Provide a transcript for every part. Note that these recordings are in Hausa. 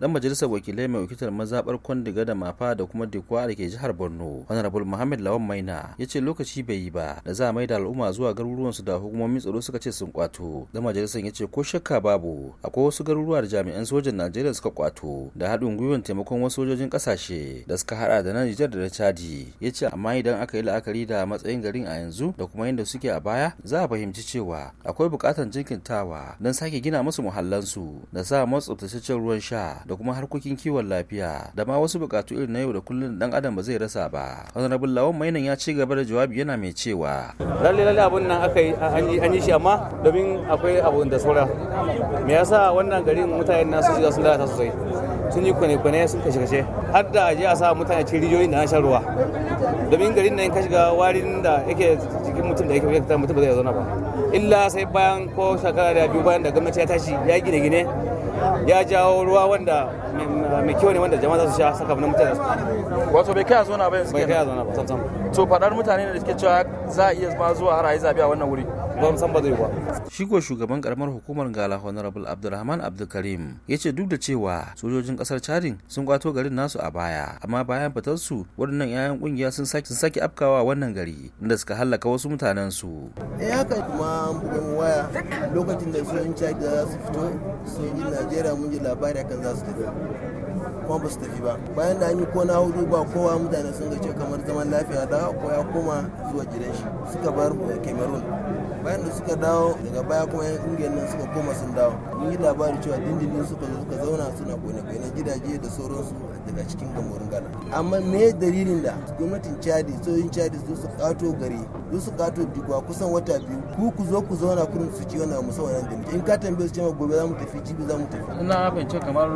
dan majalisar wakilai mai wakiltar mazabar kwandiga da mafa da kuma dikwa da ke jihar borno honorable muhammad lawan maina ya ce lokaci bai yi ba da za a da al'umma zuwa garuruwan garuruwansu da hukumomin tsaro suka ce sun kwato dan majalisar ya ce ko shakka babu akwai wasu garuruwa da jami'an sojan najeriya suka kwato da haɗin gwiwar taimakon wasu sojojin ƙasashe da suka haɗa da na nijar da na chadi ya ce amma idan aka yi la'akari da matsayin garin a yanzu da kuma yadda suke a baya za a fahimci cewa akwai buƙatar jinkintawa don sake gina musu muhallansu da sa matsabtataccen ruwan sha da kuma harkokin kiwon lafiya da ma wasu bukatu irin na yau da kullum dan adam ba zai rasa ba honorable lawan mainan ya ci gaba da jawabi yana mai cewa lalle lalle abun nan aka yi an yi shi amma domin akwai abun da saura me yasa wannan garin mutanen nasu shiga sun lalata sosai sun yi kwane-kwane sun kashe-kashe har da aje a sa mutane cikin rijiyoyin da na shan ruwa domin garin nan ka shiga warin da yake cikin mutum da yake fita mutum ba zai zauna ba illa sai bayan ko shekara da biyu bayan da gwamnati ya tashi ya gine-gine ya jawo ruwa wanda mai kyau ne wanda jama'a za su sha saka na mutane wato bai kai a zona ba yanzu bai kai a zona ba sam to faɗar mutane ne da suke cewa za a iya zuwa har a yi zaɓe a wannan wuri shigo san ba shi ko shugaban karamar hukumar gala honorable abdulrahman abdulkarim ya ce duk da cewa sojojin kasar chadin sun kwato garin nasu a baya amma bayan fitarsu su waɗannan 'ya'yan kungiya sun sake afkawa wannan gari inda suka hallaka wasu mutanen su eh haka kuma bugun waya lokacin da sojojin chadin za su fito sojojin najeriya mun ji labari akan za su tafi kuma ba su tafi ba bayan da an yi kona hudu ba kowa mutane sun gace kamar zaman lafiya da ko ya koma zuwa gidan shi suka bar cameroon bayan da suka dawo daga baya kuma yan kungiyar nan suka koma sun dawo mun yi labari cewa dindindin suka zo suka zauna suna kone-kone gidaje da sauransu daga cikin gamorin gana amma me dalilin da gwamnatin chadi sojin chadi su su kato gari su su kato dikwa kusan wata biyu ku ku zo ku zauna kurin su ci wani musa wannan gari in ka tambaye su cewa gobe za mu tafi jibi za mu tafi ina fahimci kamar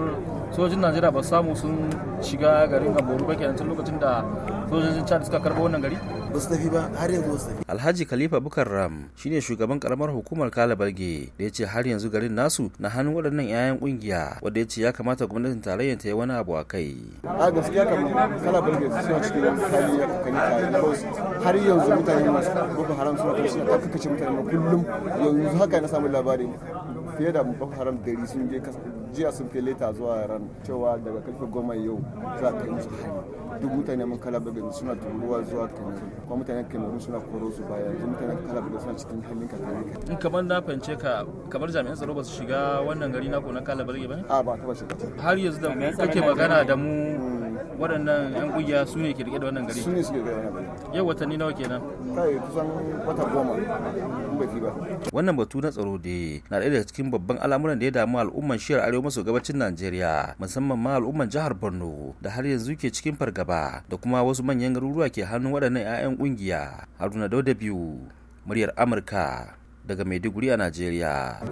sojin najeriya ba samu sun shiga garin gamboru ba kenan tun lokacin da sojojin chadi suka karɓo wannan gari ba su tafi ba har yanzu ba su tafi. Alhaji Khalifa Bukar Ram shine shugaban karamar hukumar Kala Balge da ya ce har yanzu garin nasu na hannun waɗannan 'ya'yan ƙungiya wanda ya ce ya kamata gwamnatin tarayyar ta yi wani abu a kai. A gaskiya kamar kala burge su suna cikin hali ya kokari ta har yanzu mutane masu boko haram suna kan suna kakace mutane kullum yanzu haka na samu labari fiye da boko haram dari sun je kasa jiya sun fi leta zuwa ran cewa daga karfe goma yau za a kai musu hanyar duk mutane mun kalababin suna tururuwa zuwa kamerun kuma mutanen kamerun suna koro su baya yanzu kala kalababin suna cikin hannun ka kamar ka in kamar na fahimce ka kamar jami'an tsaro ba su shiga wannan gari na ko na kalababin ba ne a ba taba shiga har yanzu da kake magana da mu waɗannan 'yan ƙungiya su ne ke rike da wannan gari su ne suke rike da wannan gari yau watanni nawa kenan kai kusan wata goma in ba wannan batu na tsaro da na ɗaya daga cikin babban al'amuran da ya damu al'umman shiyar arewa maso gabacin Najeriya musamman ma al'ummar jihar Borno da har yanzu ke cikin fargaba da kuma wasu manyan garuruwa ke hannun waɗannan 'ya'yan ƙungiya Haruna Dauda biyu muryar Amurka daga Maiduguri a Najeriya.